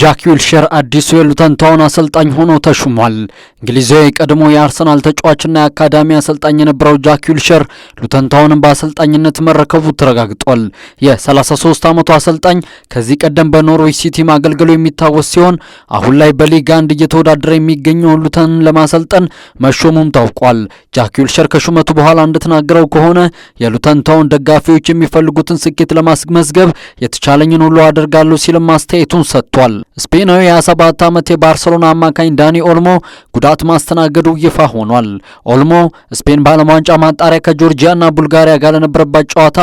ጃክ ዊልሸር አዲሱ የሉተንታውን አሰልጣኝ ሆኖ ተሹሟል። እንግሊዛዊ ቀድሞ የአርሰናል ተጫዋችና የአካዳሚ አሰልጣኝ የነበረው ጃክ ዊልሸር ሉተንታውንም በአሰልጣኝነት መረከቡ ተረጋግጧል። የ33 ዓመቱ አሰልጣኝ ከዚህ ቀደም በኖርዊች ሲቲ ማገልገሉ የሚታወስ ሲሆን አሁን ላይ በሊግ አንድ እየተወዳደረ የሚገኘውን ሉተንን ለማሰልጠን መሾሙም ታውቋል። ጃክ ዊልሸር ከሹመቱ በኋላ እንደተናገረው ከሆነ የሉተንታውን ደጋፊዎች የሚፈልጉትን ስኬት ለማስመዝገብ የተቻለኝን ሁሉ አደርጋለሁ ሲልም አስተያየቱን ሰጥቷል። ስፔናዊ የ27 ዓመት የባርሰሎና አማካኝ ዳኒ ኦልሞ ጉዳት ማስተናገዱ ይፋ ሆኗል። ኦልሞ ስፔን በዓለም ዋንጫ ማጣሪያ ከጆርጂያና ቡልጋሪያ ጋር ለነበረባት ጨዋታ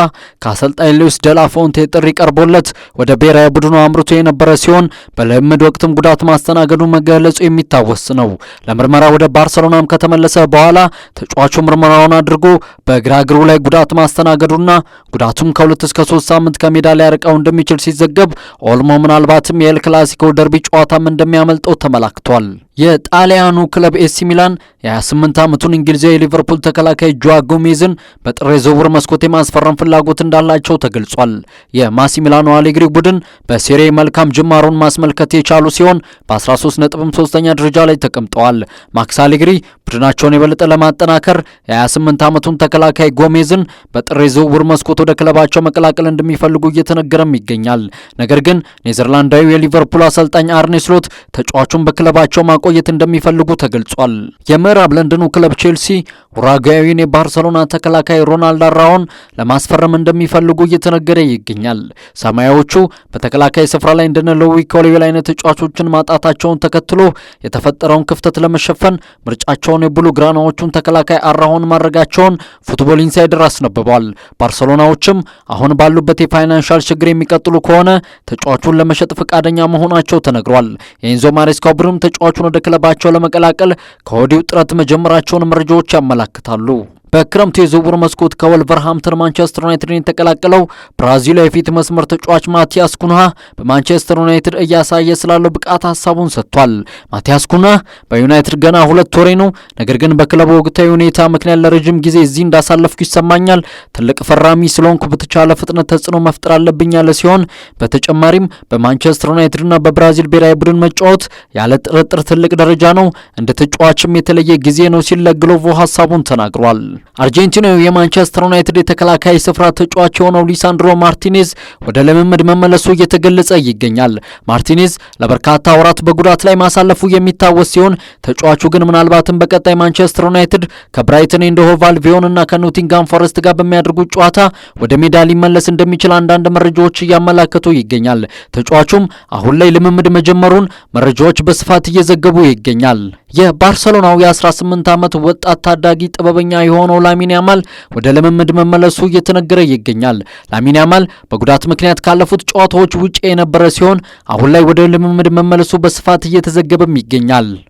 ከአሰልጣኝ ሉዊስ ደላፎንቴ ጥሪ ቀርቦለት ወደ ብሔራዊ ቡድኑ አምርቶ የነበረ ሲሆን በልምድ ወቅትም ጉዳት ማስተናገዱ መገለጹ የሚታወስ ነው። ለምርመራ ወደ ባርሰሎናም ከተመለሰ በኋላ ተጫዋቹ ምርመራውን አድርጎ በግራ እግሩ ላይ ጉዳት ማስተናገዱና ጉዳቱም ከሁለት እስከ ሶስት ሳምንት ከሜዳ ሊያርቀው እንደሚችል ሲዘገብ ኦልሞ ምናልባትም የኤል ክላ የክላሲኮ ደርቢ ጨዋታም እንደሚያመልጠው ተመላክቷል። የጣሊያኑ ክለብ ኤሲ ሚላን የ28 ዓመቱን እንግሊዛዊ የሊቨርፑል ተከላካይ ጆዋ ጎሜዝን በጥር የዝውውር መስኮት የማስፈረም ፍላጎት እንዳላቸው ተገልጿል። ሚላኑ አሌግሪ ቡድን በሴሬ መልካም ጅማሮን ማስመልከት የቻሉ ሲሆን በ13 ነጥብም ሶስተኛ ደረጃ ላይ ተቀምጠዋል። ማክስ አሌግሪ ቡድናቸውን የበለጠ ለማጠናከር የ28 ዓመቱን ተከላካይ ጎሜዝን በጥር የዝውውር መስኮት ወደ ክለባቸው መቀላቀል እንደሚፈልጉ እየተነገረም ይገኛል። ነገር ግን ኔዘርላንዳዊ የሊቨርፑል አሰልጣኝ አርኔ ስሎት ተጫዋቹን በክለባቸው ማቆየት እንደሚፈልጉ ተገልጿል። የምዕራብ ለንደኑ ክለብ ቼልሲ ኡራጓዊውን የባርሰሎና ተከላካይ ሮናልድ አራውን ለማስፈረም እንደሚፈልጉ እየተነገረ ይገኛል። ሰማያዎቹ በተከላካይ ስፍራ ላይ እንደነ ሎዊ ኮሌዌል አይነት ተጫዋቾችን ማጣታቸውን ተከትሎ የተፈጠረውን ክፍተት ለመሸፈን ምርጫቸውን የብሉ ግራናዎቹን ተከላካይ አራውን ማድረጋቸውን ፉትቦል ኢንሳይደር አስነብቧል። ባርሰሎናዎችም አሁን ባሉበት የፋይናንሻል ችግር የሚቀጥሉ ከሆነ ተጫዋቹን ለመሸጥ ፈቃደኛ መሆናቸው ተነግሯል። የኢንዞ ማሬስካው ቡድን ተጫዋቹን ወደ ክለባቸው ለመቀላቀል ከወዲሁ ጥረት መጀመራቸውን መረጃዎች ያመላክታሉ። በክረምቱ የዝውውር መስኮት ከወልቨርሃምተን ማንቸስተር ዩናይትድን የተቀላቀለው ብራዚላዊ የፊት መስመር ተጫዋች ማቲያስ ኩንሃ በማንቸስተር ዩናይትድ እያሳየ ስላለው ብቃት ሀሳቡን ሰጥቷል። ማቲያስ ኩንሃ በዩናይትድ ገና ሁለት ወሬ ነው፣ ነገር ግን በክለቡ ወቅታዊ ሁኔታ ምክንያት ለረጅም ጊዜ እዚህ እንዳሳለፍኩ ይሰማኛል። ትልቅ ፈራሚ ስለሆንኩ በተቻለ ፍጥነት ተጽዕኖ መፍጠር አለብኝ ያለ ሲሆን በተጨማሪም በማንቸስተር ዩናይትድና በብራዚል ብሔራዊ ቡድን መጫወት ያለ ጥርጥር ትልቅ ደረጃ ነው፣ እንደ ተጫዋችም የተለየ ጊዜ ነው ሲል ለግሎቮ ሀሳቡን ተናግሯል። አርጀንቲናዊ የማንቸስተር ዩናይትድ የተከላካይ ስፍራ ተጫዋች የሆነው ሊሳንድሮ ማርቲኔዝ ወደ ልምምድ መመለሱ እየተገለጸ ይገኛል። ማርቲኔዝ ለበርካታ ወራት በጉዳት ላይ ማሳለፉ የሚታወስ ሲሆን ተጫዋቹ ግን ምናልባትም በቀጣይ ማንቸስተር ዩናይትድ ከብራይተን ኤንድ ሆቭ አልቢዮን እና ከኖቲንጋም ፎረስት ጋር በሚያደርጉት ጨዋታ ወደ ሜዳ ሊመለስ እንደሚችል አንዳንድ መረጃዎች እያመላከቱ ይገኛል። ተጫዋቹም አሁን ላይ ልምምድ መጀመሩን መረጃዎች በስፋት እየዘገቡ ይገኛል። የባርሰሎናው የ18 ዓመት ወጣት ታዳጊ ጥበበኛ የሆነው ላሚን ያማል ወደ ልምምድ መመለሱ እየተነገረ ይገኛል። ላሚን ያማል በጉዳት ምክንያት ካለፉት ጨዋታዎች ውጪ የነበረ ሲሆን አሁን ላይ ወደ ልምምድ መመለሱ በስፋት እየተዘገበም ይገኛል።